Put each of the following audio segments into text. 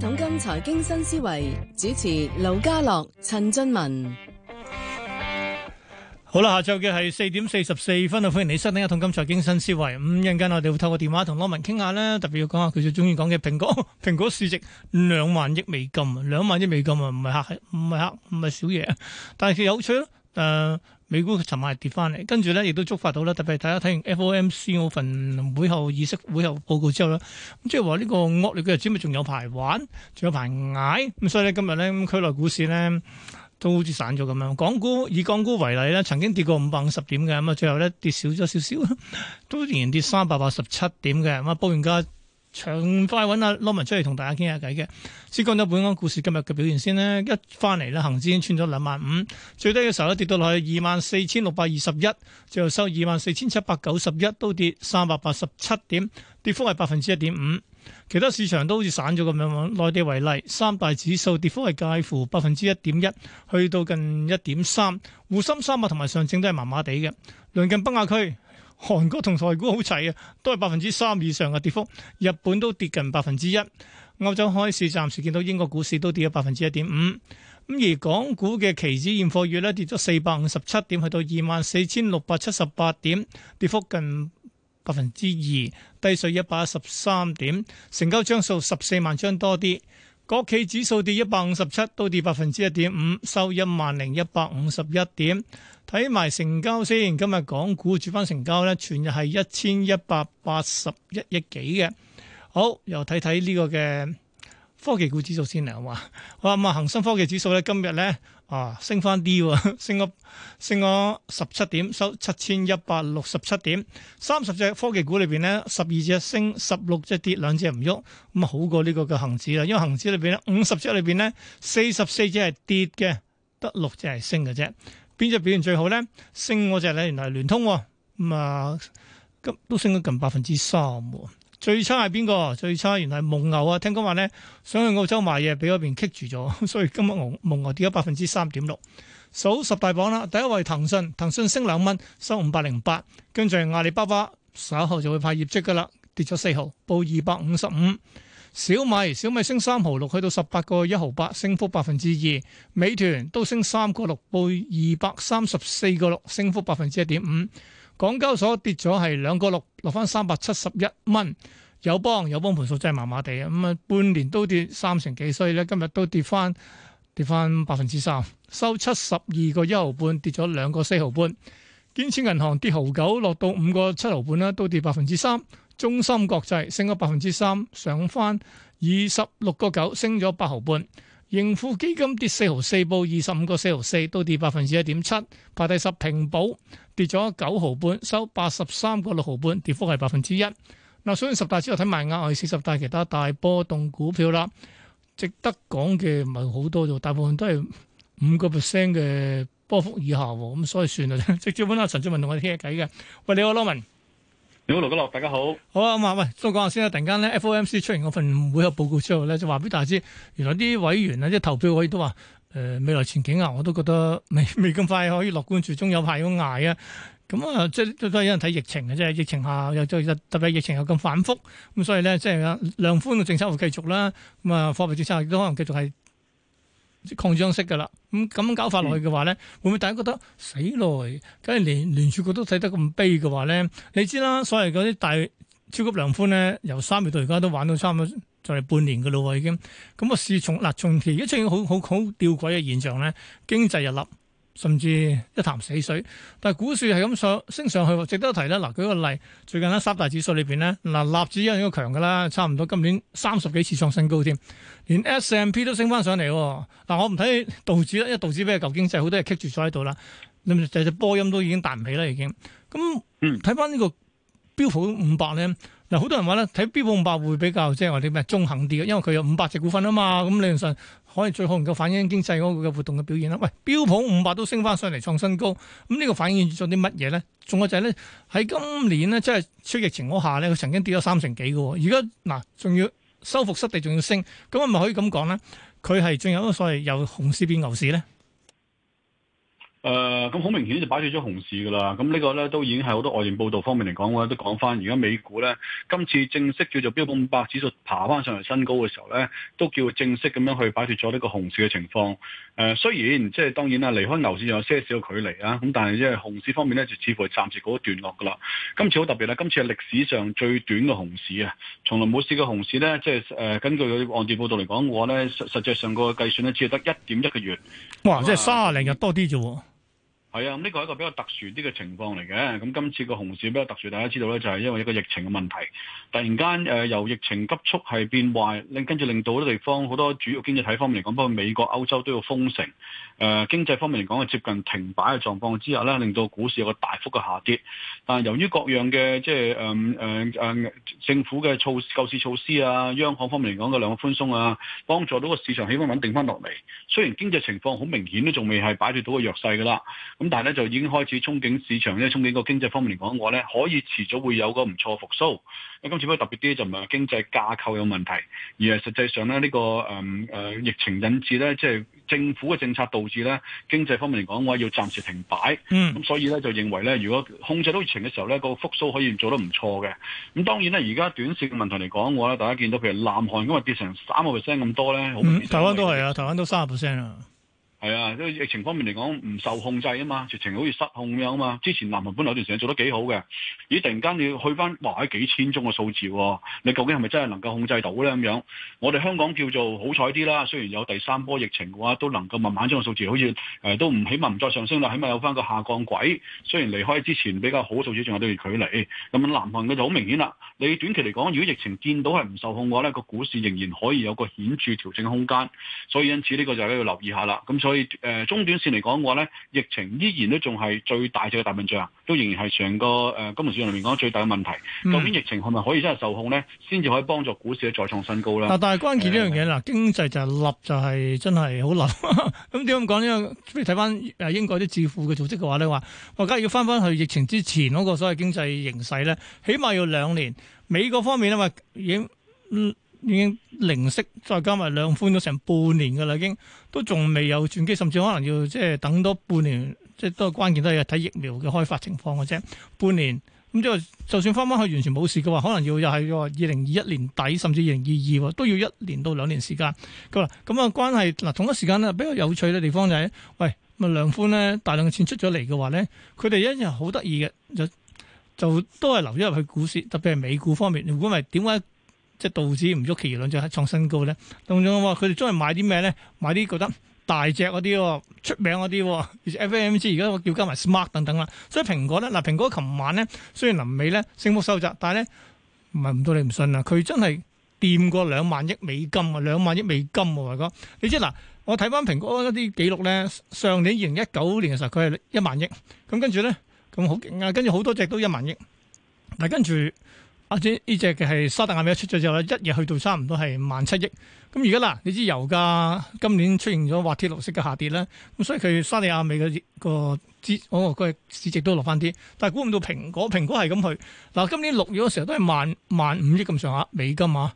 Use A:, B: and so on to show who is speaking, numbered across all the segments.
A: 統金財經新思維主持劉家樂、陳俊文，好啦，下晝嘅係四點四十四分啊！歡迎你收聽一《統金財經新思維》。五陣間我哋會透過電話同網民傾下呢，特別要講下佢最中意講嘅蘋果，蘋果市值兩萬億美金，兩萬億美金啊，唔係客，唔係客，唔係小嘢，但係佢有趣咯，誒、呃。美股尋晚係跌翻嚟，跟住咧亦都觸發到啦，特別係大家睇完 FOMC 嗰份會後議息會後報告之後咧，即係話呢個惡劣嘅日子咪仲有排玩，仲有排捱，咁、嗯、所以咧今日咧區內股市咧都好似散咗咁樣。港股以港股為例咧，曾經跌過五百五十點嘅，咁啊最後咧跌少咗少少，都仍然跌三百八十七點嘅，咁啊報完家盡快揾阿羅文出嚟同大家傾下偈嘅。先講咗本港股市今日嘅表現先咧，一翻嚟啦，恒指已經穿咗兩萬五，最低嘅時候咧跌到落去二萬四千六百二十一，最後收二萬四千七百九十一，都跌三百八十七點，跌幅係百分之一點五。其他市場都好似散咗咁樣。內地為例，三大指數跌幅係介乎百分之一點一，去到近一點三。滬深三百同埋上證都係麻麻地嘅。鄰近北亞區。韓國同台股好齊啊，都係百分之三以上嘅跌幅。日本都跌近百分之一。歐洲開市暫時見到英國股市都跌咗百分之一點五。咁而港股嘅期指現貨月咧跌咗四百五十七點，去到二萬四千六百七十八點，跌幅近百分之二，低水一百一十三點，成交張數十四萬張多啲。國企指數跌一百五十七，都跌百分之一點五，收一萬零一百五十一點。睇埋成交先，今日港股主板成交咧，全日係一千一百八十一億幾嘅。好，又睇睇呢個嘅。科技股指數先嚟好嘛？好啦咁啊，恒生科技指數咧今日咧啊升翻啲，升咗升咗十七點，收七千一百六十七點。三十隻科技股裏邊咧，十二隻升，十六隻跌，兩隻唔喐。咁啊好過呢個嘅恒指啦，因為恒指裏邊咧五十隻裏邊咧，四十四隻係跌嘅，得六隻係升嘅啫。邊隻表現最好咧？升嗰隻咧，原來係聯通咁、嗯、啊，咁都升咗近百分之三喎。最差係邊個？最差原嚟係蒙牛啊！聽講話呢，想去澳洲買嘢，俾嗰邊棘住咗，所以今日蒙牛跌咗百分之三點六。數十大榜啦，第一位騰訊，騰訊升兩蚊，收五百零八。跟住阿里巴巴，十一號就會派業績噶啦，跌咗四毫，報二百五十五。小米，小米升三毫六，去到十八個一毫八，升幅百分之二。美團都升三個六，報二百三十四個六，升幅百分之一點五。港交所跌咗係兩個六，落翻三百七十一蚊，友邦，友邦盤數真係麻麻地啊！咁啊，半年都跌三成幾，所以咧今日都跌翻跌翻百分之三，收七十二個一毫半，跌咗兩個四毫半。建設銀行跌毫九，落到五個七毫半啦，都跌百分之三。中芯國際升咗百分之三，上翻二十六個九，升咗八毫半。盈富基金跌四毫四，報二十五個四毫四，都跌百分之一點七。排第十，平保。跌咗九毫半，收八十三個六毫半，跌幅係百分之一。嗱，所以十大之後我睇埋啊，額外四十大其他大波動股票啦，值得講嘅唔係好多啫，大部分都係五個 percent 嘅波幅以下，咁所以算啦，直接搵阿陳俊文同我哋傾下偈嘅。喂，你好，Norman 你好，羅哥樂，大家好。好啊，咁啊，喂，都講下先啦。突然間咧，FOMC 出完嗰份會後報告之後咧，就話俾大家知，原來啲委員啊，啲投票我哋都話。誒、呃，未來前景啊，我都覺得未未咁快可以樂觀，始終有排要挨啊。咁、嗯、啊、嗯，即係都係有人睇疫情嘅，即係疫情下又再特別係疫情又咁反覆。咁、嗯、所以咧，即係量寬嘅政策會繼續啦。咁、嗯、啊，貨幣政策亦都可能繼續係擴張式噶啦。咁、嗯、咁搞法落去嘅話咧，會唔會大家覺得死落？梗係聯聯儲局都睇得咁悲嘅話咧，你知啦。所謂嗰啲大超級量寬咧，由三月到而家都玩到差唔多。就係半年嘅咯喎，啊、已經咁啊！試從嗱從前而家出現好好好吊詭嘅現象咧，經濟日立，甚至一潭死水。但係股市係咁上升上去，值得一提啦。嗱、啊，舉個例，最近呢三大指數裏邊咧，嗱、啊、納指一樣要強嘅啦，差唔多今年三十幾次創新高添，連 S&P 都升翻上嚟。嗱、啊，我唔睇道指啦，因為道指咩舊經濟好多嘢棘住咗喺度啦，咁成隻波音都已經彈唔起啦，已經。咁睇翻呢個標普五百咧。嗱，好多人話咧，睇標普五百會比較即係話啲咩中肯啲嘅，因為佢有五百隻股份啊嘛，咁理論上可以最好能夠反映經濟嗰個活動嘅表現啦。喂，標普五百都升翻上嚟創新高，咁呢個反映咗啲乜嘢咧？仲有就係咧，喺今年咧，即係出疫情嗰下咧，佢曾經跌咗三成幾喎。而家嗱，仲要收復失地，仲要升，咁係咪可以咁講咧？佢係仲有一個所謂由熊市變牛市咧？
B: 誒、呃，咁好明顯就擺脫咗熊市噶啦。咁呢個咧都已經係好多外電報導方面嚟講咧，都講翻而家美股咧，今次正式叫做標普五百指數爬翻上嚟新高嘅時候咧，都叫正式咁樣去擺脫咗呢個熊市嘅情況。誒、呃，雖然即係當然啦，離開牛市有些少距離啊。咁但係因為熊市方面咧，就似乎係暫時告一段落噶啦。今次好特別啦，今次係歷史上最短嘅熊市啊，從來冇試過熊市咧。即係誒、呃，根據嘅外電報導嚟講嘅話咧，實實際上個計算咧，只係得一點一個月。
A: 哇！即係三十零日多啲啫喎～
B: 係啊，呢個係一個比較特殊啲嘅情況嚟嘅。咁今次個熊市比較特殊，大家知道咧，就係因為一個疫情嘅問題，突然間誒，由疫情急速係變壞，令跟住令到好多地方好多主要經濟體方面嚟講，包括美國、歐洲都要封城。誒，經濟方面嚟講係接近停擺嘅狀況之下咧，令到股市有個大幅嘅下跌。但由於各樣嘅即係誒誒誒，政府嘅措施救市措施啊，央行方面嚟講嘅兩個寬鬆啊，幫助到個市場氣氛穩定翻落嚟。雖然經濟情況好明顯都仲未係擺脫到個弱勢噶啦，咁。但係咧就已經開始憧憬市場咧，憧憬個經濟方面嚟講嘅話咧，可以遲早會有個唔錯復甦。咁今次不過特別啲就唔係經濟架構有問題，而係實際上咧、這、呢個誒誒、嗯嗯、疫情引致咧，即係政府嘅政策導致咧，經濟方面嚟講嘅話要暫時停擺。咁、嗯、所以咧就認為咧，如果控制到疫情嘅時候咧，個復甦可以做得唔錯嘅。咁當然咧，而家短線嘅問題嚟講嘅話，大家見到譬如南韓因為跌成三個 percent 咁多咧、嗯，
A: 台灣都係啊，台灣都三十 percent 啊。
B: 係啊，因為疫情方面嚟講唔受控制啊嘛，疫情好似失控咁樣啊嘛。之前南韓本來有段時間做得幾好嘅，咦，突然間你要去翻話喺幾千宗嘅數字，哦，你究竟係咪真係能夠控制到呢？咁樣，我哋香港叫做好彩啲啦，雖然有第三波疫情嘅話，都能夠慢慢將個數字好似誒、呃、都唔，起碼唔再上升啦，起碼有翻個下降軌。雖然離開之前比較好數，數字仲有啲距離。咁南韓嘅就好明顯啦。你短期嚟講，如果疫情見到係唔受控嘅話呢，呢個股市仍然可以有個顯著調整嘅空間。所以因此呢個就係要留意下啦。咁所以、呃、中短線嚟講嘅話咧，疫情依然都仲係最大隻嘅大問題，都仍然係成個誒金融市場裏面講最大嘅問題、嗯。究竟疫情係咪可以真係受控咧，先至可以幫助股市再創新高啦、嗯、但係
A: 關鍵呢樣嘢嗱，經濟就係立，就係、是、真係好立。咁點解咁講呢？譬如睇翻英國啲智庫嘅組織嘅話咧，話而家要翻翻去疫情之前嗰個所謂經濟形勢咧，起碼要兩年。美國方面啊嘛，已經嗯。已經零息，再加埋量寬咗成半年噶啦，已經都仲未有轉機，甚至可能要即係等多半年，即係都係關鍵都係睇疫苗嘅開發情況嘅啫。半年咁即就算翻翻去完全冇事嘅話，可能要又係個二零二一年底，甚至二零二二都要一年到兩年時間。咁啦，咁啊關係嗱，同一時間咧比較有趣嘅地方就係、是，喂，咁啊量寬咧大量嘅錢出咗嚟嘅話咧，佢哋一日好得意嘅，就就都係留咗入去股市，特別係美股方面。如果唔係，點解？即係道指唔足，其餘兩隻創新高咧。同樣，佢哋中意買啲咩咧？買啲覺得大隻嗰啲，出名嗰啲。而 FAMG 而家我要加埋 Smart 等等啦。所以蘋果咧，嗱蘋果琴晚咧，雖然臨尾咧升幅收窄，但係咧唔係唔到你唔信啊！佢真係掂過兩萬億美金啊！兩萬億美金喎，我話你知嗱，我睇翻蘋果啲記錄咧，上年二零一九年嘅時候，佢係一萬億。咁跟住咧，咁好勁啊！跟住好多隻都一萬億。嗱跟住。或呢隻嘅係沙特亞美一出咗之後，一日去到差唔多係萬七億。咁而家嗱，你知油價今年出現咗滑鐵盧式嘅下跌啦，咁所以佢沙特亞美嘅個資哦，佢市值都落翻啲。但係估唔到蘋果，蘋果係咁去嗱。今年六月嗰時候都係萬萬五億咁上下美金啊！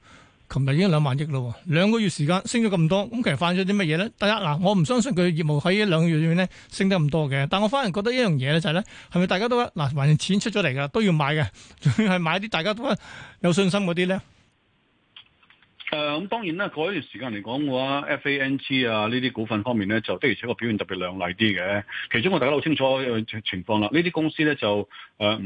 A: 琴日已經兩萬億咯，兩個月時間升咗咁多，咁其實犯咗啲乜嘢咧？第一嗱，我唔相信佢業務喺一兩個月裏面咧升得咁多嘅，但我反而覺得一樣嘢咧就係咧，係咪大家都嗱還錢出咗嚟噶都要買嘅，仲要係買啲大家都有信心嗰啲咧？
B: 誒、嗯、咁當然啦，嗰一段時間嚟講嘅話 FANG 啊呢啲股份方面咧，就的而且確表現特別亮麗啲嘅。其中我大家都好清楚情況啦，呢啲公司咧就誒唔、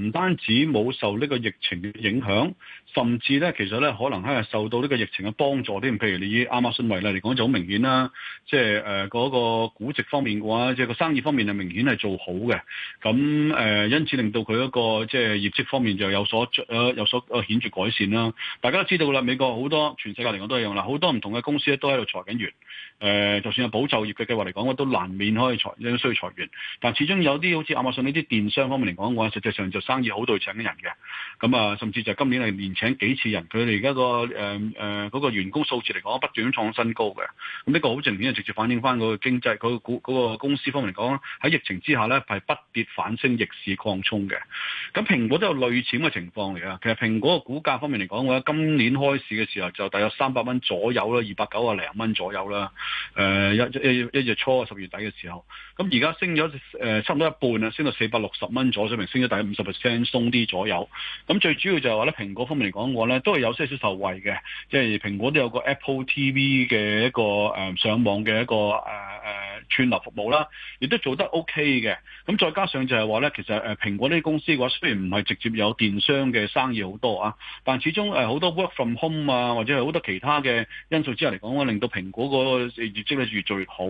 B: 呃、單止冇受呢個疫情嘅影響，甚至咧其實咧可能係受到呢個疫情嘅幫助添。譬如你以亞馬遜為例嚟講就好明顯啦，即係誒嗰個估值方面嘅話，即係個生意方面係明顯係做好嘅。咁誒、呃、因此令到佢一個即係、就是、業績方面就有所誒、呃、有所顯著改善啦、啊。大家都知道啦，美國好多全世界。我都一樣啦，好多唔同嘅公司咧都喺度裁緊員。誒、呃，就算有保就業嘅計劃嚟講，我都難免可以裁，因為需要裁員。但始終有啲好似亞馬遜呢啲電商方面嚟講，我話，實際上就生意好到請緊人嘅。咁、嗯、啊，甚至就今年係連請幾次人。佢哋而家個誒誒嗰個員工數字嚟講，不斷咁創新高嘅。咁、嗯、呢、這個好正面係直接反映翻嗰個經濟、嗰個股、嗰、那個、公司方面嚟講，喺疫情之下咧係不跌反升、逆市擴充嘅。咁蘋果都有類似嘅情況嚟啊。其實蘋果個股價方面嚟講嘅話，今年開市嘅時候就大約三百蚊左右啦，二百九啊零蚊左右啦。誒，一一一月初啊，十月底嘅時候，咁而家升咗誒，差唔多一半啊，升到四百六十蚊左右，水平升咗大概五十 percent 鬆啲左右。咁最主要就係話咧，蘋果方面嚟講，我咧都係有些少受惠嘅，即係蘋果都有個 Apple TV 嘅一個誒上網嘅一個誒。串流服務啦，亦都做得 OK 嘅。咁再加上就係話呢，其實誒蘋果呢啲公司嘅話，雖然唔係直接有電商嘅生意好多啊，但始終好多 work from home 啊，或者好多其他嘅因素之下嚟講，令到蘋果個業績咧越做越，越好。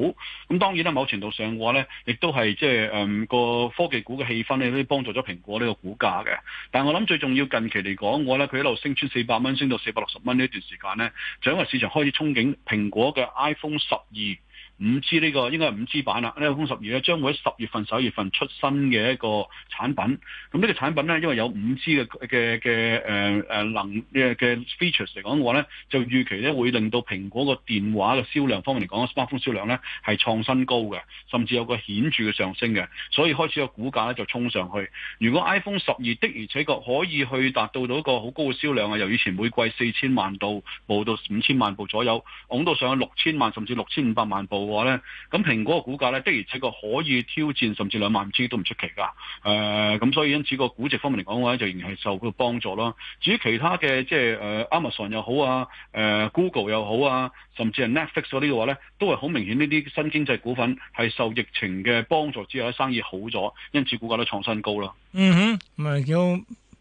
B: 咁當然啦，某程度上嘅話呢，亦都係即係誒個科技股嘅氣氛咧，幫助咗蘋果呢個股價嘅。但係我諗最重要近期嚟講，嘅話呢，佢一路升穿四百蚊，升到四百六十蚊呢段時間呢，就因為市場開始憧憬蘋果嘅 iPhone 十二。五 G 呢個應該係五 G 版啦，iPhone 十二咧將會喺十月份、十一月份出新嘅一個產品。咁呢個產品咧，因為有五 G 嘅嘅嘅誒誒能嘅嘅 features 嚟講嘅話咧，就預期咧會令到蘋果個電話嘅銷量方面嚟講，iPhone 銷量咧係創新高嘅，甚至有個顯著嘅上升嘅，所以開始個股價咧就衝上去。如果 iPhone 十二的而且確可以去達到到一個好高嘅銷量啊，由以前每季四千萬到冇到五千萬部左右，拱到上去六千萬甚至六千五百萬部，話咧，咁蘋果嘅股價咧，的而且確可以挑戰甚至兩萬億都唔出奇噶。誒，咁所以因此個估值方面嚟講嘅話咧，就仍然係受佢幫助咯。至於其他嘅即係誒 Amazon 又好啊，誒 Google 又好啊，甚至係 Netflix 嗰啲嘅話咧，都係好明顯呢啲新經濟股份係受疫情嘅幫助之後咧，生意好咗，因此股價都創新高咯。
A: 嗯哼，咪叫。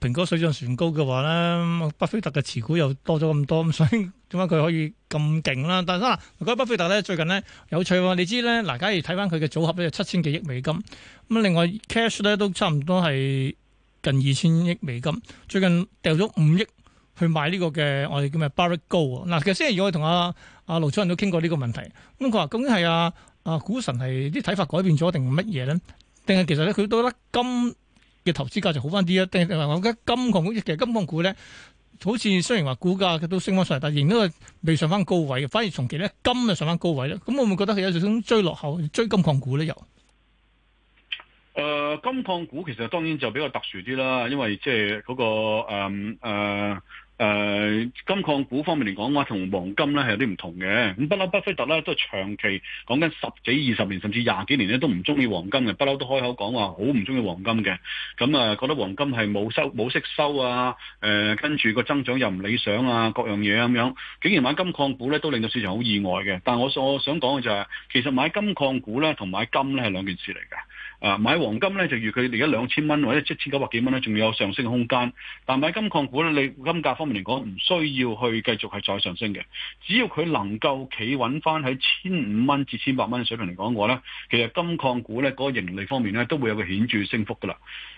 A: 成個水漲船高嘅話咧，巴菲特嘅持股又多咗咁多，咁所以點解佢可以咁勁啦？但係嗱，嗰、啊、個巴菲特咧，最近咧有趣喎，你知咧嗱，假如睇翻佢嘅組合咧有七千幾億美金，咁另外 cash 咧都差唔多係近二千億美金，最近掉咗五億去買呢個嘅我哋叫咩 Barrick Gold 啊。嗱、啊，其實星期二我同阿阿盧昌人都傾過呢個問題，咁佢話：究竟係啊，阿、啊啊、股神係啲睇法改變咗定乜嘢咧？定係其實咧佢覺得今嘅投資價值好翻啲啊！定係話我覺得金礦股，其實金礦股咧，好似雖然話股價都升翻上嚟，但係仍然都未上翻高位。反而從前咧，金就上翻高位啦。咁我會唔會覺得佢有少少追落後，追金礦股咧？又、
B: 呃、誒，金礦股其實當然就比較特殊啲啦，因為即係嗰個誒、呃呃誒、呃、金礦股方面嚟講，話同黃金咧係有啲唔同嘅。咁不嬲，巴菲特咧都長期講緊十幾二十年，甚至廿幾年咧都唔中意黃金嘅，不嬲都開口講話好唔中意黃金嘅。咁啊、呃，覺得黃金係冇收冇息收啊，跟、呃、住個增長又唔理想啊，各樣嘢咁樣，竟然買金礦股咧都令到市場好意外嘅。但係我所我想講嘅就係、是，其實買金礦股咧同買金咧係兩件事嚟嘅。啊！買黃金咧就預佢嚟緊兩千蚊或者一千九百幾蚊咧，仲有上升嘅空間。但係買金礦股咧，你金價方面嚟講唔需要去繼續係再上升嘅。只要佢能夠企穩翻喺千五蚊至千百蚊水平嚟講嘅話咧，其實金礦股咧嗰、那個盈利方面咧都會有個顯著的升幅㗎啦。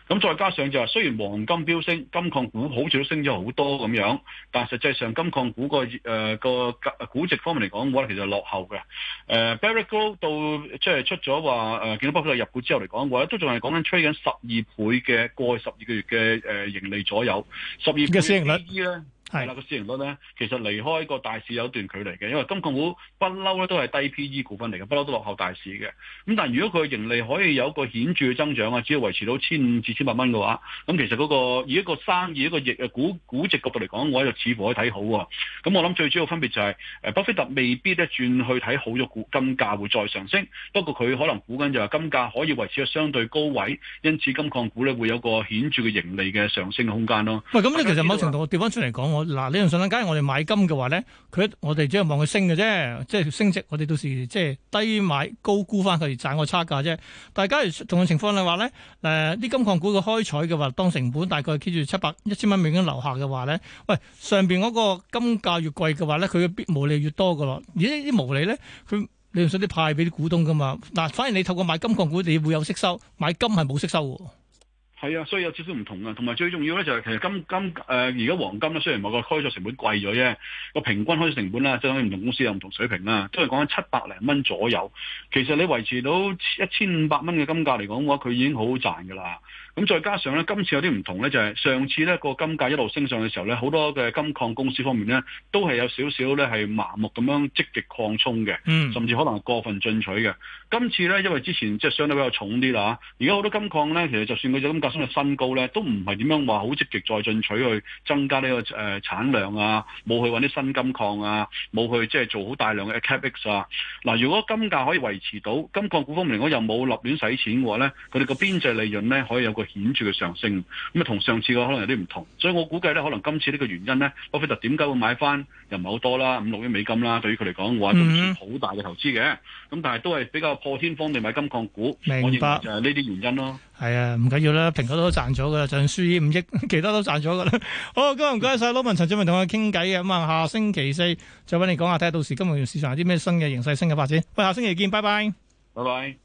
B: 咁再加上就係、雖然黃金飆升，金礦股好似都升咗好多咁樣，但係實際上金礦股的、呃、個誒個估值方面嚟講嘅話其實係落後嘅。誒、呃、Barrick Gold 到即係、就是、出咗話誒，見到巴菲特入股之後嚟講。講話咧，都仲係講緊吹緊十二倍嘅過去十二個月嘅誒、呃、盈利左右十二倍嘅市盈率咧。係啦，個市盈率咧，其實離開一個大市有一段距離嘅，因為金礦股不嬲咧都係低 P/E 股份嚟嘅，不嬲都落後大市嘅。咁但係如果佢盈利可以有個顯著嘅增長啊，只要維持到千五至千八蚊嘅話，咁其實嗰個以一個生意一個疫嘅股估值角度嚟講，我喺度似乎可以睇好喎。咁我諗最主要分別就係，誒巴菲特未必咧轉去睇好咗股金價會再上升，不過佢可能估緊就係金價可以維持喺相對高位，因此金礦股咧會有個顯著嘅盈利嘅上升空間咯。
A: 喂，咁你其實某程度調翻出嚟講。嗱，你樣上理論上咧，假如我哋買金嘅話咧，佢我哋只係望佢升嘅啫，即係升值我都，我哋到時即係低買高沽返佢，賺個差價啫。但係假如同樣情況嚟話咧，誒啲金礦股嘅開採嘅話，當成本大概 keep 住七百一千蚊美金樓下嘅話咧，喂，上面嗰個金價越貴嘅話咧，佢嘅邊毛利越多㗎咯。而呢啲毛利咧，佢理論上，啲派俾啲股東噶嘛。嗱，反而你透過買金礦股，你會有息收，買金係冇息收。
B: 係啊，所以有少少唔同啊。同埋最重要咧，就係其實金金誒而家黃金咧，雖然某個開作成本貴咗啫，個平均開作成本呢，即係唔同公司有唔同水平啦，都係講緊七百零蚊左右。其實你維持到一千五百蚊嘅金價嚟講嘅話，佢已經好好賺㗎啦。咁再加上咧，今次有啲唔同咧，就係、是、上次咧個金價一路升上嘅時候咧，好多嘅金礦公司方面咧，都係有少少咧係麻木咁樣積極擴充嘅、嗯，甚至可能係過分進取嘅。今次咧，因為之前即係相對比較重啲啦，而家好多金礦咧，其實就算個金價升到新高咧，都唔係點樣話好積極再進取去增加呢、這個誒、呃、產量啊，冇去搵啲新金礦啊，冇去即係做好大量嘅 capex 啊。嗱、啊，如果金價可以維持到金礦股方面，如果又冇立亂使錢嘅話咧，佢哋個邊際利潤咧可以有個顯著嘅上升，咁啊同上次個可能有啲唔同，所以我估計咧可能今次呢個原因咧，巴菲特點解會買翻又唔係好多啦，五六億美金啦，對於佢嚟講嘅話都算好大嘅投資嘅，咁但係都係比較破天荒地買金礦股，我認為就係呢啲原因咯。
A: 係啊，唔緊要啦，蘋果都賺咗噶啦，就算輸二五億，其他都賺咗噶啦。好，唔該晒，老文、陳俊文同我傾偈咁啊，下星期四再揾你講下睇下，看看到時金融市場有啲咩新嘅形勢、新嘅發展，喂，下星期見，拜拜，
B: 拜拜。